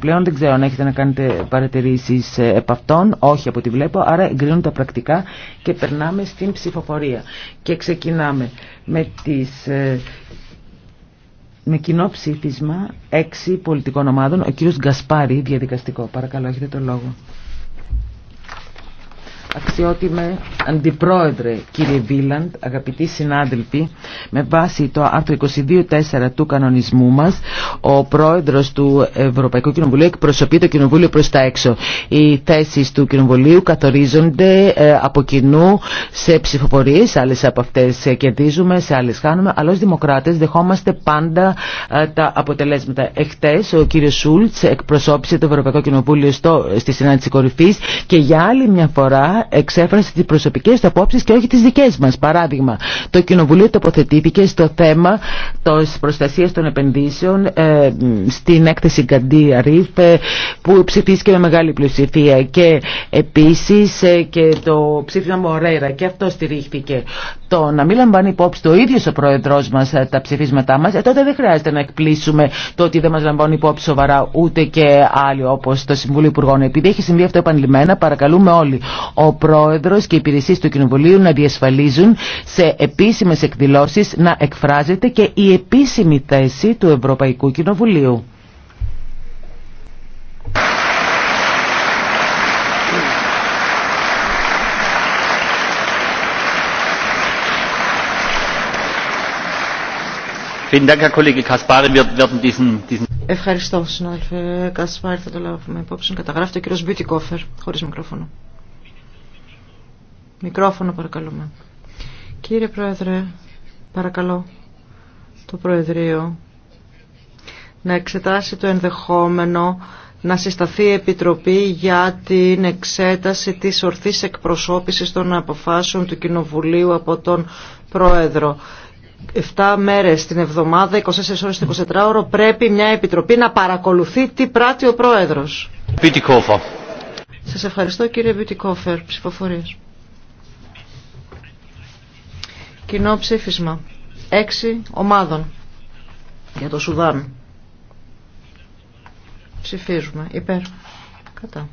πλέον. Δεν ξέρω αν έχετε να κάνετε παρατηρήσεις ε, επ' αυτών. Όχι από ό,τι βλέπω. Άρα εγκρίνουν τα πρακτικά και περνάμε στην ψηφοφορία. Και ξεκινάμε με, τις, ε, με κοινό ψήφισμα έξι πολιτικών ομάδων. Ο κύριος Γκασπάρη, διαδικαστικό. Παρακαλώ, έχετε το λόγο. Αξιότιμε Αντιπρόεδρε κύριε Βίλαντ, αγαπητοί συνάδελφοι, με βάση το άρθρο 22.4 του κανονισμού μας, ο Πρόεδρος του Ευρωπαϊκού Κοινοβουλίου εκπροσωπεί το Κοινοβούλιο προς τα έξω. Οι θέσεις του Κοινοβουλίου καθορίζονται ε, από κοινού σε ψηφοφορίες, άλλες από αυτές κερδίζουμε, σε άλλες χάνουμε, αλλά ως δημοκράτες δεχόμαστε πάντα ε, τα αποτελέσματα. Εχθές ο κύριος Σούλτς εκπροσώπησε το Ευρωπαϊκό Κοινοβούλιο στο, στη συνάντηση κορυφής και για άλλη μια φορά εξέφρασε τις προσωπικές του απόψεις και όχι τις δικές μας. Παράδειγμα, το Κοινοβουλίο τοποθετήθηκε στο θέμα της προστασίας των επενδύσεων ε, στην έκθεση Γκαντία Ρίφ ε, που ψηφίστηκε με μεγάλη πλειοψηφία και επίσης ε, και το ψήφισμα Μορέρα και αυτό στηρίχθηκε. Το να μην λαμβάνει υπόψη το ίδιο ο πρόεδρός μας τα ψηφίσματά μας, τότε δεν χρειάζεται να εκπλήσουμε το ότι δεν μα λαμβάνει υπόψη σοβαρά ούτε και άλλοι όπω το Συμβούλιο Υπουργών. Επειδή έχει συμβεί αυτό επανειλημμένα, παρακαλούμε όλοι ο πρόεδρος και οι υπηρεσίε του Κοινοβουλίου να διασφαλίζουν σε επίσημες εκδηλώσεις να εκφράζεται και η επίσημη θέση του Ευρωπαϊκού Κοινοβουλίου. Ευχαριστώ, συνάδελφε Κασπάρη. Θα το λάβουμε υπόψη. Καταγράφεται ο κύριο Μπιούτικοφερ, χωρί μικρόφωνο. Μικρόφωνο παρακαλούμε. Κύριε Πρόεδρε, παρακαλώ το Προεδρείο να εξετάσει το ενδεχόμενο να συσταθεί η Επιτροπή για την εξέταση της ορθής εκπροσώπησης των αποφάσεων του Κοινοβουλίου από τον Πρόεδρο. 7 μέρες την εβδομάδα, 24 ώρες 24 ώρο, πρέπει μια Επιτροπή να παρακολουθεί τι πράττει ο Πρόεδρος. Σας ευχαριστώ κύριε Βιουτικόφερ, Ψηφοφορίες. Κοινό ψήφισμα. Έξι ομάδων για το Σουδάν. Ψηφίζουμε. Υπέρ. Κατά.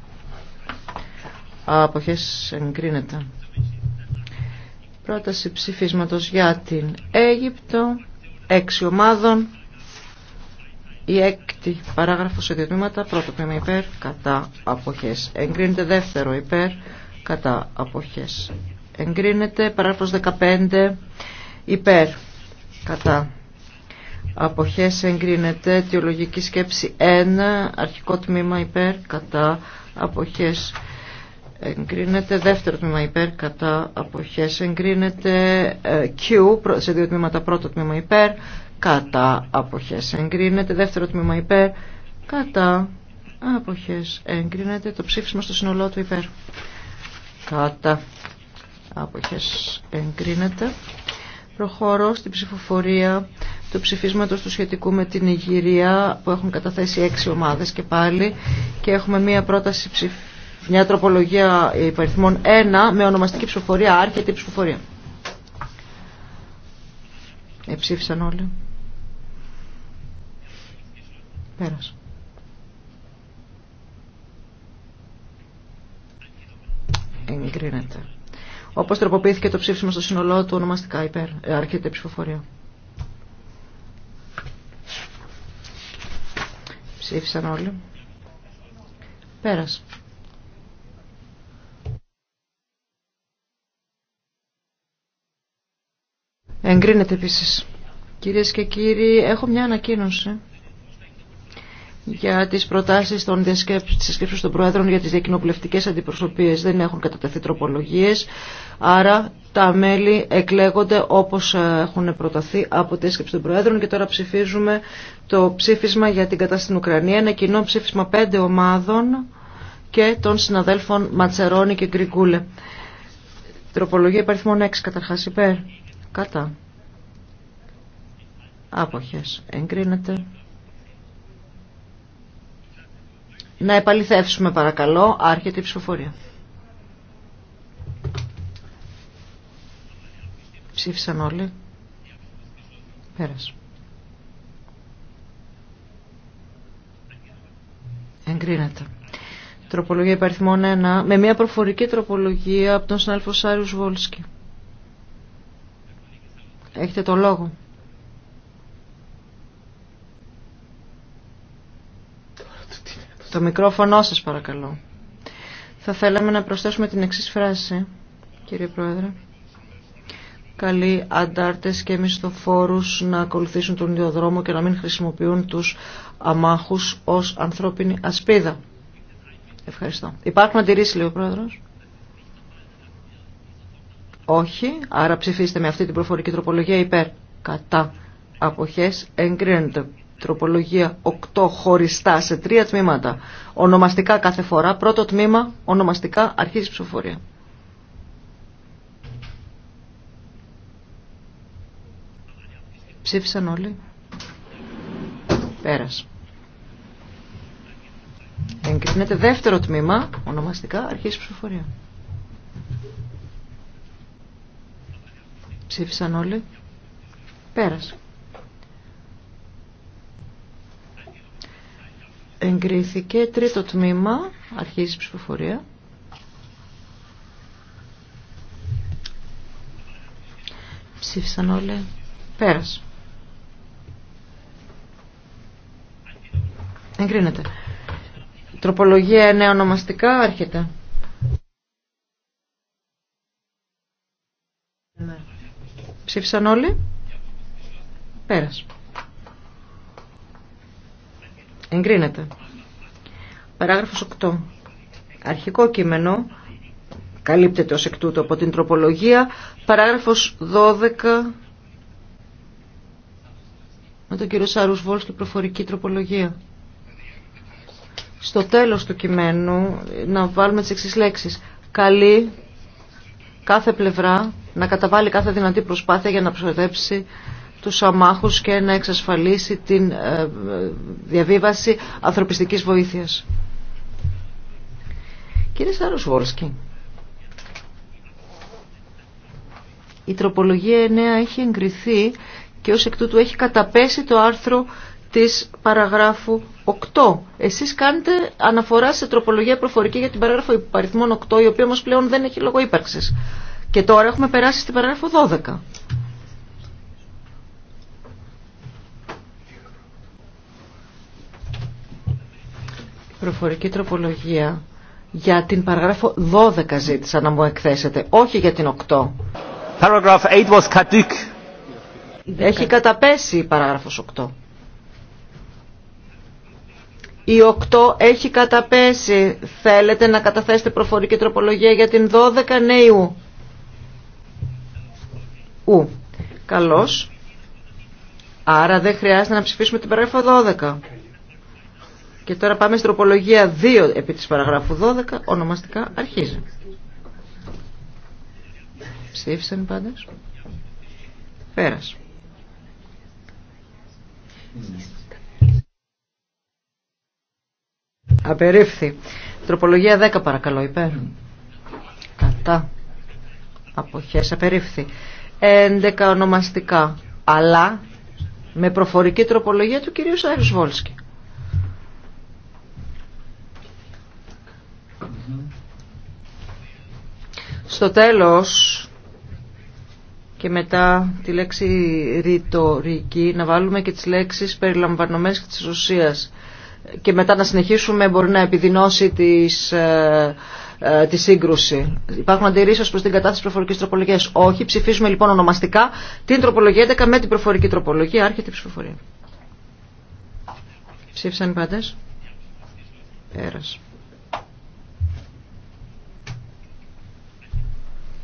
Αποχές εγκρίνεται. Πρόταση ψηφίσματος για την Αίγυπτο. Έξι ομάδων. Η έκτη παράγραφος σε δύο Πρώτο τμήμα υπέρ. Κατά. Αποχές εγκρίνεται. Δεύτερο υπέρ. Κατά. Αποχές εγκρίνεται. Παράγραφος 15 υπέρ κατά αποχές εγκρίνεται. τιολογική σκέψη 1 αρχικό τμήμα υπέρ κατά αποχές εγκρίνεται. Δεύτερο τμήμα υπέρ κατά αποχές εγκρίνεται. Ε, Q σε δύο τμήματα πρώτο τμήμα υπέρ κατά αποχές εγκρίνεται. Δεύτερο τμήμα υπέρ κατά αποχές εγκρίνεται. Το ψήφισμα στο σύνολό του υπέρ κατά άποχες εγκρίνεται. Προχωρώ στην ψηφοφορία του ψηφίσματος του σχετικού με την Ιγυρία που έχουν καταθέσει έξι ομάδες και πάλι και έχουμε μία πρόταση μια τροπολογία υπαριθμών 1 με ονομαστική ψηφοφορία, άρχεται η ψηφοφορία. Εψήφισαν όλοι. Πέρασε. Εγκρίνεται. Όπω τροποποιήθηκε το ψήφισμα στο σύνολό του ονομαστικά υπέρ. ε, ψηφοφορία. Ψήφισαν όλοι. Πέρασε. Εγκρίνεται επίση. Κυρίε και κύριοι, έχω μια ανακοίνωση για τις προτάσεις των διασκέψεων των Προέδρων για τις διακοινοβουλευτικές αντιπροσωπίες. Δεν έχουν κατατεθεί τροπολογίες, άρα τα μέλη εκλέγονται όπως ε, έχουν προταθεί από τη διασκέψη των Προέδρων και τώρα ψηφίζουμε το ψήφισμα για την κατάσταση στην Ουκρανία, ένα κοινό ψήφισμα πέντε ομάδων και των συναδέλφων Ματσερόνη και Γκρικούλε. Τροπολογία υπαριθμών 6 καταρχάς υπέρ. Κατά. Άποχες. Εγκρίνεται. Να επαληθεύσουμε παρακαλώ. Άρχεται η ψηφοφορία. Ψήφισαν όλοι. Πέρασε. Εγκρίνεται. Τροπολογία υπαριθμών 1 με μια προφορική τροπολογία από τον συνάδελφο Σάριους Βόλσκι. Έχετε το λόγο. Το μικρόφωνο σας παρακαλώ. Θα θέλαμε να προσθέσουμε την εξής φράση, κύριε Πρόεδρε. Καλοί αντάρτες και μισθοφόρους να ακολουθήσουν τον ίδιο δρόμο και να μην χρησιμοποιούν τους αμάχους ως ανθρώπινη ασπίδα. Ευχαριστώ. Υπάρχουν αντιρρήσεις, λέει ο Πρόεδρος. Όχι, άρα ψηφίστε με αυτή την προφορική τροπολογία υπέρ. Κατά. Αποχές εγκρίνεται τροπολογία 8 χωριστά σε τρία τμήματα. Ονομαστικά κάθε φορά. Πρώτο τμήμα, ονομαστικά, αρχίζει ψηφοφορία. Ψήφισαν όλοι. Πέρας. Εγκρίνεται δεύτερο τμήμα, ονομαστικά, αρχίζει ψηφοφορία. Ψήφισαν όλοι. Πέρασε. εγκρίθηκε τρίτο τμήμα αρχίζει η ψηφοφορία ψήφισαν όλοι πέρας εγκρίνεται τροπολογία νέα ονομαστικά άρχεται ψήφισαν όλοι πέρας Εγκρίνεται. Παράγραφος 8. Αρχικό κείμενο καλύπτεται ως εκ τούτου από την τροπολογία. Παράγραφος 12 με τον κύριο Σάρους Βόλ προφορική τροπολογία. Στο τέλος του κειμένου να βάλουμε τις εξής λέξεις. Καλή κάθε πλευρά να καταβάλει κάθε δυνατή προσπάθεια για να προσοδέψει τους αμάχους και να εξασφαλίσει την ε, ε, διαβίβαση ανθρωπιστικής βοήθειας. Κύριε Σάρος η τροπολογία 9 έχει εγκριθεί και ως εκ τούτου έχει καταπέσει το άρθρο της παραγράφου 8. Εσείς κάνετε αναφορά σε τροπολογία προφορική για την παράγραφο υπαριθμών 8, η οποία όμω πλέον δεν έχει λόγο ύπαρξης. Και τώρα έχουμε περάσει στην παράγραφο 12. προφορική τροπολογία για την παραγράφο 12 ζήτησα να μου εκθέσετε, όχι για την 8. Paragraph 8 was Έχει καταπέσει η παράγραφος 8. Η 8 έχει καταπέσει. Θέλετε να καταθέσετε προφορική τροπολογία για την 12 νέου. Ου. Καλώς. Άρα δεν χρειάζεται να ψηφίσουμε την παράγραφο 12. Και τώρα πάμε στην τροπολογία 2 επί της παραγράφου 12, ονομαστικά αρχίζει. Ψήφισαν οι πάντες. Πέρασε. Απερίφθη. Τροπολογία 10 παρακαλώ υπέρ. Κατά. Αποχές απερίφθη. 11 ονομαστικά. Αλλά με προφορική τροπολογία του κυρίου Σάιρους Βόλσκι. Στο τέλος και μετά τη λέξη ρητορική να βάλουμε και τις λέξεις περιλαμβανομένες της ουσίας και μετά να συνεχίσουμε μπορεί να επιδεινώσει της ε, ε, τη σύγκρουση. Υπάρχουν αντιρρήσει προ την κατάθεση προφορική τροπολογία. Όχι. Ψηφίζουμε λοιπόν ονομαστικά την τροπολογία 11 με την προφορική τροπολογία. Άρχεται η ψηφοφορία. Ψήφισαν οι πάντε. Πέρασε.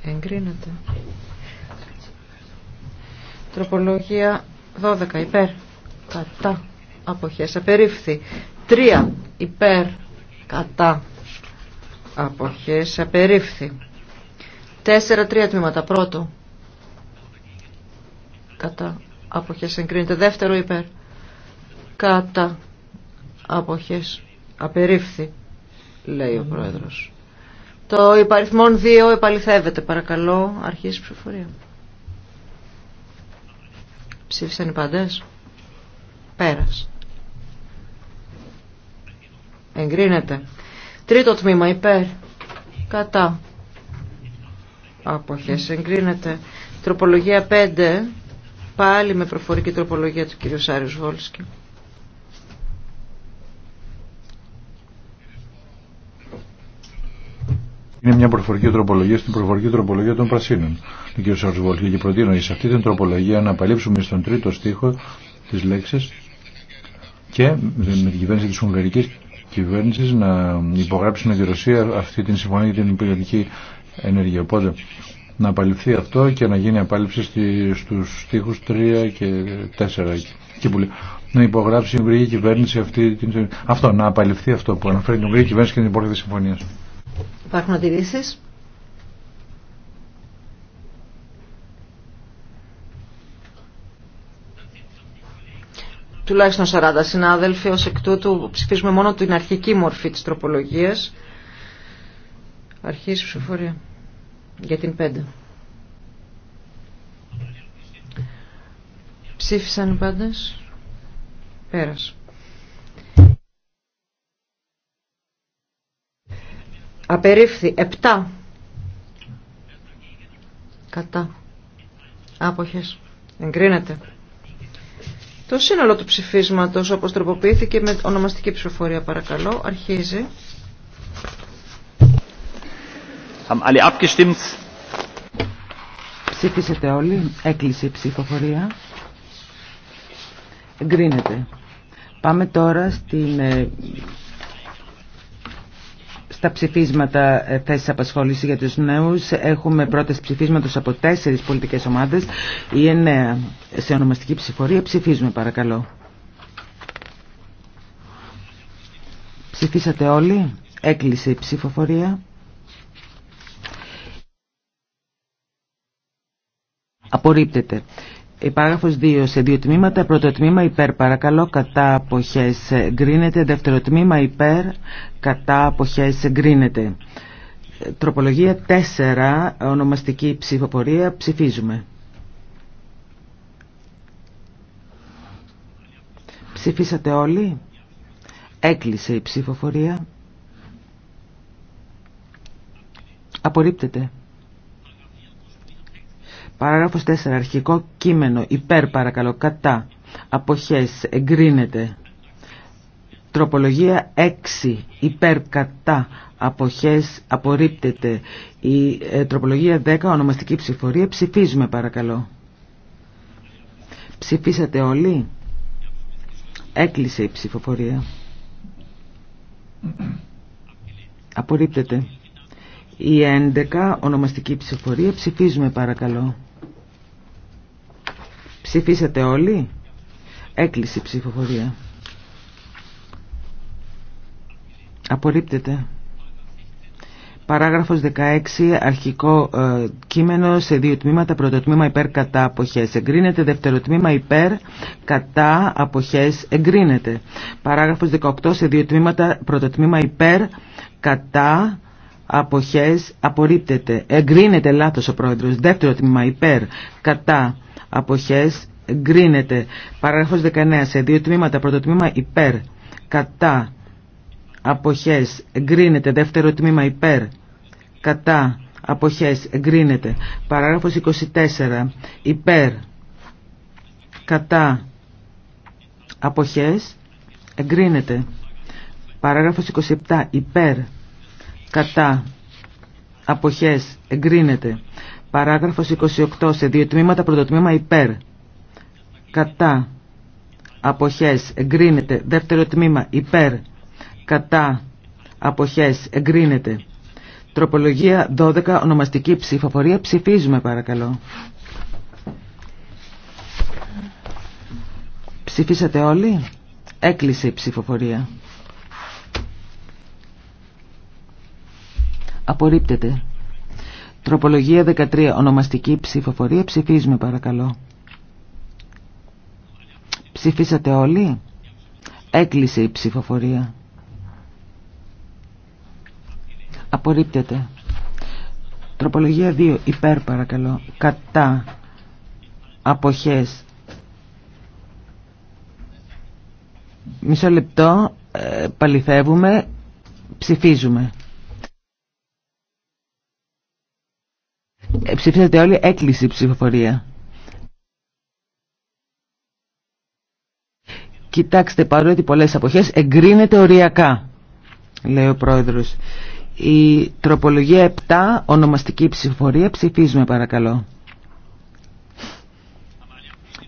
Εγκρίνεται. Τροπολογία 12 υπέρ. Κατά. Αποχές. Απερίφθη. 3 υπέρ. Κατά. Αποχές. Απερίφθη. τρία τμήματα. Πρώτο. Κατά. Αποχές. Εγκρίνεται. Δεύτερο υπέρ. Κατά. Αποχές. Απερίφθη. Λέει ο πρόεδρος. Το υπαριθμόν 2 επαληθεύεται παρακαλώ. Αρχίζει η ψηφοφορία. Ψήφισαν οι παντές. Πέρας. Εγκρίνεται. Τρίτο τμήμα υπέρ. Κατά. Αποχές εγκρίνεται. Τροπολογία 5. Πάλι με προφορική τροπολογία του κ. Σάριου Βόλσκη. Είναι μια προφορική τροπολογία στην προφορική τροπολογία των Πρασίνων. Ο κ. Σαρσβόλ και προτείνω σε αυτή την τροπολογία να απαλείψουμε στον τρίτο στίχο τη λέξη και με την κυβέρνηση τη Ουγγαρική κυβέρνηση να υπογράψει με τη Ρωσία αυτή την συμφωνία για την υπηρετική ενέργεια. Οπότε να απαλληφθεί αυτό και να γίνει απάλληψη στου στίχου 3 και 4 και να υπογράψει η Ουγγρική κυβέρνηση αυτή την... Αυτό, να απαλληφθεί αυτό που αναφέρει η Ουγγρική κυβέρνηση και την τη συμφωνία. Υπάρχουν αντιρρήσεις. Τουλάχιστον 40 συνάδελφοι, ως εκ τούτου ψηφίζουμε μόνο την αρχική μορφή της τροπολογίας. Αρχής ψηφοφορία για την 5. Ψήφισαν οι πάντες. Πέρασε. Απερίφθη 7 κατά άποχες εγκρίνεται. Το σύνολο του ψηφίσματος όπως τροποποιήθηκε με ονομαστική ψηφοφορία παρακαλώ αρχίζει. Ψήφισετε όλοι, έκλεισε η ψηφοφορία. Εγκρίνεται. Πάμε τώρα στην ε, στα ψηφίσματα ε, θέσεις απασχόληση για τους νέους έχουμε πρώτες ψηφίσματος από τέσσερις πολιτικές ομάδες ή εννέα. Σε ονομαστική ψηφορία ψηφίζουμε παρακαλώ. Ψηφίσατε όλοι. Έκλεισε η ψηφοφορία. Απορρίπτεται. Η παράγραφος 2 σε δύο τμήματα. Πρώτο τμήμα υπέρ παρακαλώ κατά αποχές γκρίνεται. Δεύτερο τμήμα υπέρ κατά αποχές γκρίνεται. Τροπολογία 4 ονομαστική ψηφοφορία ψηφίζουμε. Ψηφίσατε όλοι. Έκλεισε η ψηφοφορία. Απορρίπτεται. Παράγραφος 4. Αρχικό κείμενο. Υπέρ παρακαλώ. Κατά. Αποχές. Εγκρίνεται. Τροπολογία 6. Υπέρ κατά. Αποχές. Απορρίπτεται. Η ε, τροπολογία 10. Ονομαστική ψηφορία. Ψηφίζουμε παρακαλώ. Ψηφίσατε όλοι. Έκλεισε η ψηφοφορία. Απορρίπτεται. Η 11 ονομαστική ψηφοφορία. Ψηφίζουμε παρακαλώ. Ψηφίσατε όλοι. Έκλεισε η ψηφοφορία. Απορρίπτεται. Παράγραφος 16, αρχικό ε, κείμενο σε δύο τμήματα. Πρώτο τμήμα υπέρ κατά αποχές εγκρίνεται. Δεύτερο τμήμα υπέρ κατά αποχές εγκρίνεται. Παράγραφος 18, σε δύο τμήματα. Πρώτο τμήμα υπέρ κατά αποχές απορρίπτεται. Εγκρίνεται λάθος ο πρόεδρος. Δεύτερο τμήμα υπέρ κατά αποχές εγκρίνεται. Παράγραφος 19 σε δύο τμήματα. Πρώτο τμήμα υπέρ κατά αποχές εγκρίνεται. Δεύτερο τμήμα υπέρ κατά αποχές εγκρίνεται. Παράγραφος 24 υπέρ κατά αποχές εγκρίνεται. Παράγραφος 27 υπέρ κατά αποχές εγκρίνεται. Παράγραφος 28 σε δύο τμήματα πρωτοτμήμα υπέρ κατά αποχές εγκρίνεται. Δεύτερο τμήμα υπέρ κατά αποχές εγκρίνεται. Τροπολογία 12 ονομαστική ψηφοφορία ψηφίζουμε παρακαλώ. Ψηφίσατε όλοι. Έκλεισε η ψηφοφορία. Απορρίπτεται. Τροπολογία 13. Ονομαστική ψηφοφορία. Ψηφίζουμε παρακαλώ. Ψηφίσατε όλοι. Έκλεισε η ψηφοφορία. Απορρίπτεται. Τροπολογία 2. Υπέρ παρακαλώ. Κατά. Αποχές. Μισό λεπτό. Ε, παληθεύουμε. Ψηφίζουμε. Ε, ψηφίσατε όλοι έκλειση ψηφοφορία. Κοιτάξτε, παρότι πολλές αποχές εγκρίνεται οριακά, λέει ο πρόεδρος. Η τροπολογία 7, ονομαστική ψηφοφορία, ψηφίζουμε παρακαλώ.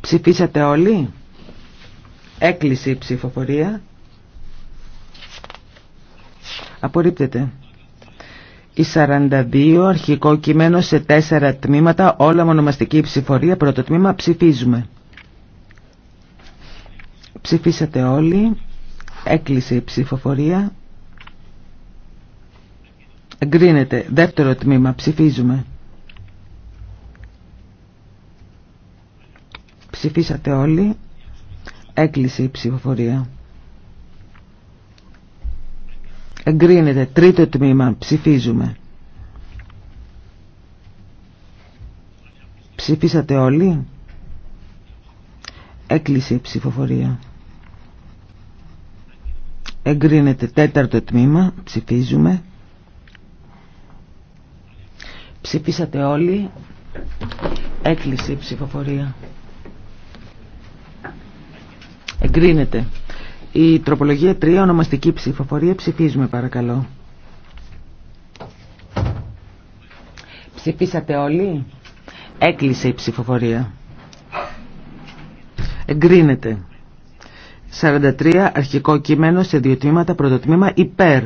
Ψηφίσατε όλοι. Έκλεισε η ψηφοφορία. Απορρίπτεται. Η 42 αρχικό κείμενο σε τέσσερα τμήματα, όλα μονομαστική ψηφορία, πρώτο τμήμα ψηφίζουμε. Ψηφίσατε όλοι, έκλεισε η ψηφοφορία. Εγκρίνεται, δεύτερο τμήμα ψηφίζουμε. Ψηφίσατε όλοι, έκλεισε η ψηφοφορία. Εγκρίνεται. Τρίτο τμήμα. Ψηφίζουμε. Ψηφίσατε όλοι. Έκλεισε η ψηφοφορία. Εγκρίνεται τέταρτο τμήμα. Ψηφίζουμε. Ψηφίσατε όλοι. Έκλεισε η ψηφοφορία. Εγκρίνεται. Η τροπολογία 3, ονομαστική ψηφοφορία, ψηφίζουμε παρακαλώ. Ψηφίσατε όλοι. Έκλεισε η ψηφοφορία. Εγκρίνεται. 43 αρχικό κείμενο σε δύο τμήματα. Πρώτο τμήμα υπέρ.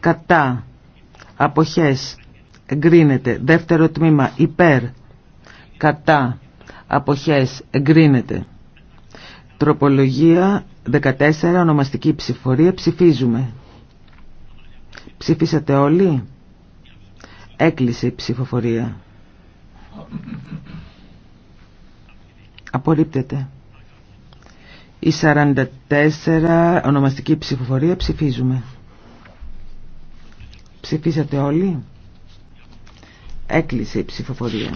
Κατά. Αποχές. Εγκρίνεται. Δεύτερο τμήμα υπέρ. Κατά. Αποχές. Εγκρίνεται. Τροπολογία 14 ονομαστική ψηφορία ψηφίζουμε. Ψηφίσατε όλοι. Έκλεισε η ψηφοφορία. Απορρίπτεται. Η 44 ονομαστική ψηφοφορία ψηφίζουμε. Ψηφίσατε όλοι. Έκλεισε η ψηφοφορία.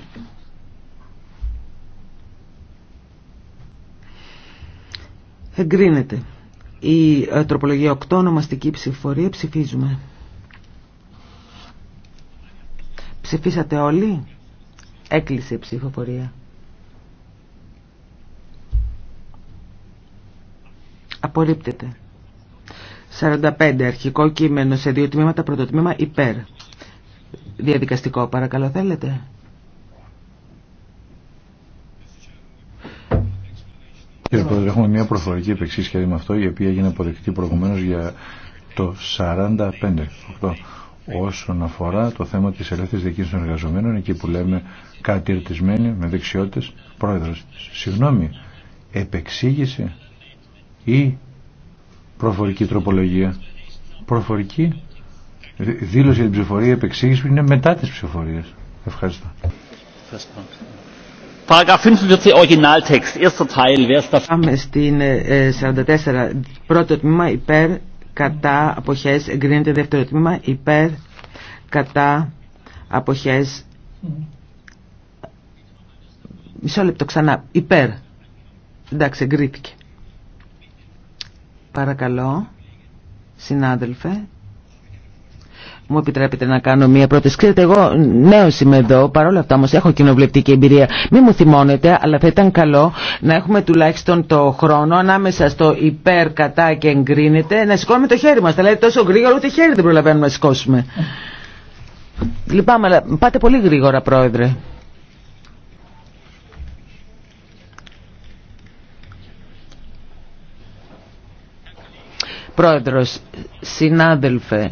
Εγκρίνεται. Η ε, τροπολογία 8, ονομαστική ψηφορία, ψηφίζουμε. Ψηφίσατε όλοι. Έκλεισε η ψηφοφορία. Απορρίπτεται. 45. Αρχικό κείμενο σε δύο τμήματα. Πρώτο υπέρ. Διαδικαστικό παρακαλώ θέλετε. Κύριε Πρόεδρε, έχουμε μια προφορική επεξίσχερη με αυτό η οποία έγινε αποδεκτή προηγουμένως για το 45 όσον αφορά το θέμα της ελεύθερης δικής των εργαζομένων εκεί που λέμε κατηρτισμένοι με δεξιότητες πρόεδρος συγγνώμη επεξήγηση ή προφορική τροπολογία προφορική δήλωση για την ψηφορία επεξήγηση που είναι μετά τι ψηφορίε. ευχαριστώ Πάμε στην 44. Ε, ε, Πρώτο τμήμα υπέρ, κατά, αποχές, εγκρίνεται. Δεύτερο τμήμα υπέρ, κατά, αποχές. Μισό λεπτό ξανά. Υπέρ. Εντάξει, εγκρίθηκε. Παρακαλώ, συνάδελφε, μου επιτρέπετε να κάνω μία πρόταση. Ξέρετε, εγώ νέο είμαι εδώ, παρόλα αυτά όμω έχω κοινοβουλευτική εμπειρία. Μην μου θυμώνετε, αλλά θα ήταν καλό να έχουμε τουλάχιστον το χρόνο ανάμεσα στο υπέρ, κατά και εγκρίνεται να σηκώνουμε το χέρι μα. λέτε τόσο γρήγορα ούτε χέρι δεν προλαβαίνουμε να σηκώσουμε. Λυπάμαι, αλλά πάτε πολύ γρήγορα, πρόεδρε. Πρόεδρος, συνάδελφε,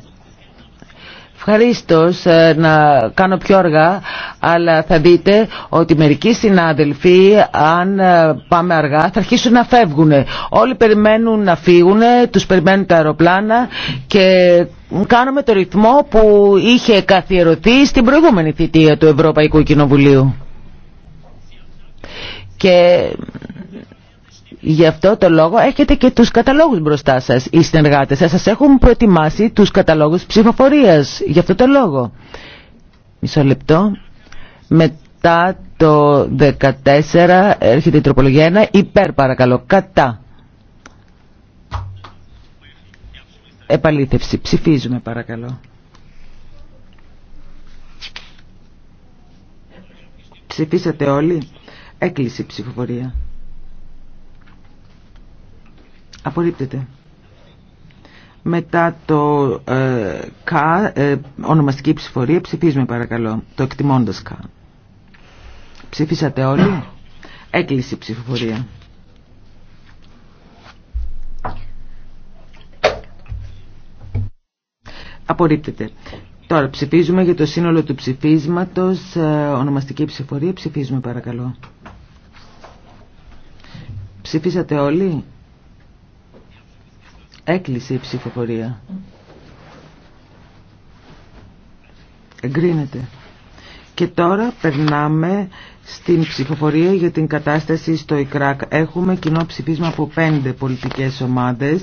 Ευχαριστώ ε, να κάνω πιο αργά, αλλά θα δείτε ότι μερικοί συνάδελφοι, αν ε, πάμε αργά, θα αρχίσουν να φεύγουν. Όλοι περιμένουν να φύγουν, τους περιμένουν τα αεροπλάνα και κάνουμε το ρυθμό που είχε καθιερωθεί στην προηγούμενη θητεία του Ευρωπαϊκού Κοινοβουλίου. Και Γι' αυτό το λόγο έχετε και τους καταλόγους μπροστά σας. Οι συνεργάτες σας σας έχουν προετοιμάσει τους καταλόγους ψηφοφορίας. Γι' αυτό το λόγο. Μισό λεπτό. Μετά το 14 έρχεται η τροπολογία 1. Υπέρ παρακαλώ. Κατά. Επαλήθευση. Ψηφίζουμε παρακαλώ. Ψηφίσατε όλοι. Έκλεισε η ψηφοφορία. Απορρίπτεται. Μετά το ε, ΚΑ, ε, ονομαστική ψηφορία, ψηφίζουμε παρακαλώ, το εκτιμώντας ΚΑ. Ψηφίσατε όλοι. Έκλεισε η ψηφοφορία. Απορρίπτεται. Τώρα ψηφίζουμε για το σύνολο του ψηφίσματος, ε, ονομαστική ψηφορία, ψηφίζουμε παρακαλώ. Ψηφίσατε όλοι. Έκλεισε η ψηφοφορία. Εγκρίνεται. Και τώρα περνάμε στην ψηφοφορία για την κατάσταση στο ΙΚΡΑΚ. Έχουμε κοινό ψηφίσμα από πέντε πολιτικές ομάδες.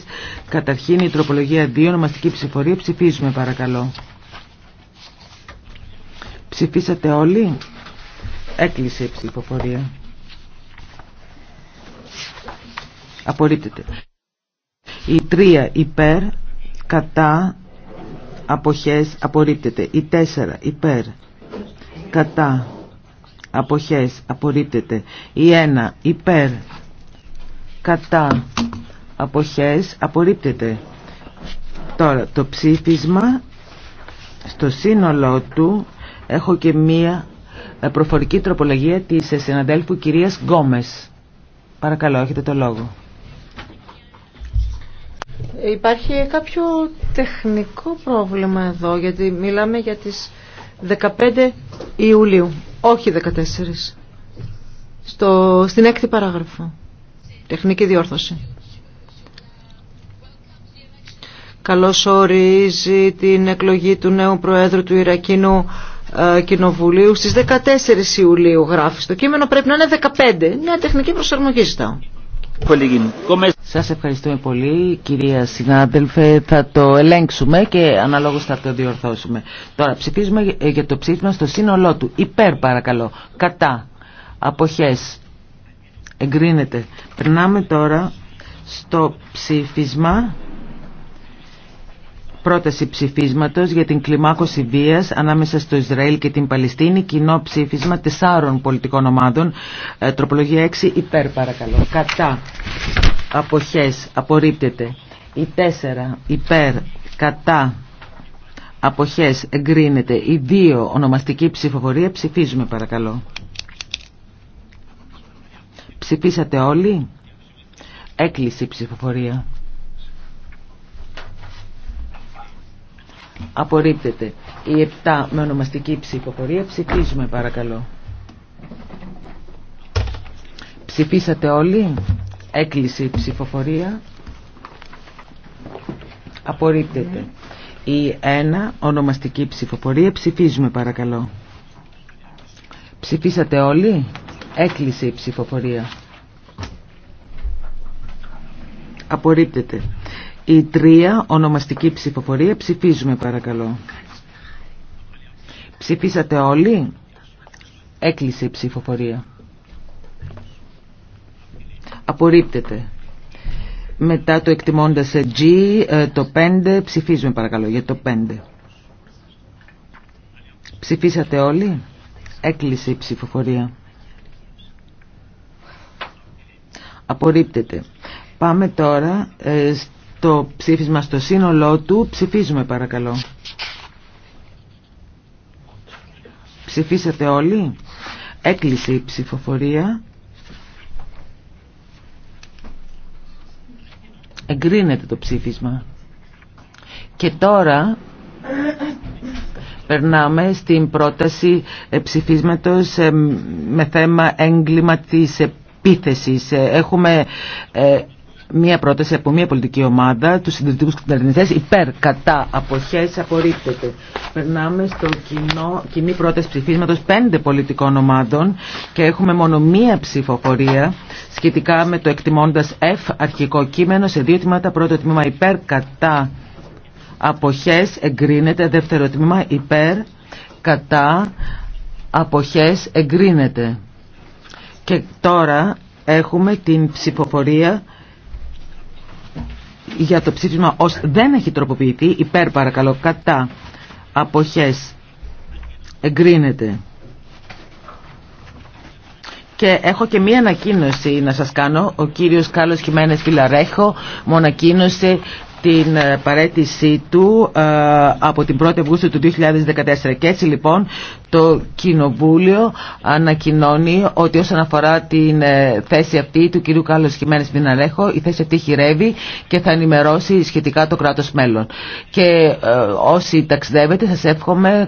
Καταρχήν η τροπολογία 2, ονομαστική ψηφοφορία. Ψηφίζουμε παρακαλώ. Ψηφίσατε όλοι. Έκλεισε η ψηφοφορία. Απορρίπτεται. Η τρία υπέρ κατά αποχές απορρίπτεται. Η τέσσερα υπέρ κατά αποχές απορρίπτεται. Η ένα υπέρ κατά αποχές απορρίπτεται. Τώρα το ψήφισμα στο σύνολό του έχω και μία ε, προφορική τροπολογία της συναντέλφου κυρίας Γκόμες. Παρακαλώ, έχετε το λόγο. Υπάρχει κάποιο τεχνικό πρόβλημα εδώ, γιατί μιλάμε για τις 15 Ιουλίου, όχι 14. Στο, στην έκτη παράγραφο. Τεχνική διόρθωση. Καλώς ορίζει την εκλογή του νέου Προέδρου του Ιρακίνου ε, Κοινοβουλίου στις 14 Ιουλίου γράφει. Στο κείμενο πρέπει να είναι 15. Μια τεχνική προσαρμογή ζητάω. Σας ευχαριστούμε πολύ κυρία συνάδελφε. Θα το ελέγξουμε και αναλόγως θα το διορθώσουμε. Τώρα ψηφίζουμε για το ψήφισμα στο σύνολό του. Υπέρ παρακαλώ. Κατά. Αποχές. Εγκρίνεται. Περνάμε τώρα στο ψήφισμα πρόταση ψηφίσματος για την κλιμάκωση βίας ανάμεσα στο Ισραήλ και την Παλαιστίνη, κοινό ψήφισμα τεσσάρων πολιτικών ομάδων, ε, τροπολογία 6 υπέρ παρακαλώ, κατά, αποχές, απορρίπτεται, η 4 υπέρ, κατά, αποχές, εγκρίνεται, η 2 ονομαστική ψηφοφορία, ψηφίζουμε παρακαλώ. Ψηφίσατε όλοι. Έκλεισε η ψηφοφορία. Απορρίπτεται. Η 7 με ονομαστική ψηφοφορία. Ψηφίζουμε παρακαλώ. Ψηφίσατε όλοι. Έκλεισε η ψηφοφορία. Απορρίπτεται. Η 1 ονομαστική ψηφοφορία. Ψηφίζουμε παρακαλώ. Ψηφίσατε όλοι. Έκλεισε η ψηφοφορία. Απορρίπτεται. Η τρία ονομαστική ψηφοφορία. Ψηφίζουμε παρακαλώ. Ψηφίσατε όλοι. Έκλεισε η ψηφοφορία. Απορρίπτεται. Μετά το εκτιμώντας G, ε, το 5, ψηφίζουμε παρακαλώ για το 5. Ψηφίσατε όλοι. Έκλεισε η ψηφοφορία. Απορρίπτεται. Πάμε τώρα ε, το ψήφισμα στο σύνολό του. Ψηφίζουμε παρακαλώ. Ψηφίσατε όλοι. Έκλεισε η ψηφοφορία. Εγκρίνεται το ψήφισμα. Και τώρα περνάμε στην πρόταση ψηφίσματος ε, με θέμα έγκλημα της επίθεσης. Ε, έχουμε ε, μία πρόταση από μία πολιτική ομάδα, του συντηρητικού κυβερνητές, υπέρ, κατά, αποχές, απορρίπτεται. Περνάμε στο κοινό, κοινή πρόταση ψηφίσματο πέντε πολιτικών ομάδων και έχουμε μόνο μία ψηφοφορία σχετικά με το εκτιμώντα F αρχικό κείμενο σε δύο τμήματα. Πρώτο τμήμα υπέρ, κατά, αποχές, εγκρίνεται. Δεύτερο τμήμα υπέρ, κατά, αποχές, εγκρίνεται. Και τώρα έχουμε την ψηφοφορία για το ψήφισμα ως δεν έχει τροποποιηθεί υπέρ παρακαλώ κατά αποχές εγκρίνεται και έχω και μία ανακοίνωση να σας κάνω. Ο κύριος Κάλλος Χιμένες Φιλαρέχο μου ανακοίνωσε την ε, παρέτησή του ε, από την 1η Αυγούστου του 2014. Και έτσι λοιπόν το Κοινοβούλιο ανακοινώνει ότι όσον αφορά την ε, θέση αυτή του κυρίου Κάλλος Χιμένης Μιναρέχο η θέση αυτή χειρεύει και θα ενημερώσει σχετικά το κράτος μέλλον. Και όσοι ταξιδεύετε σας εύχομαι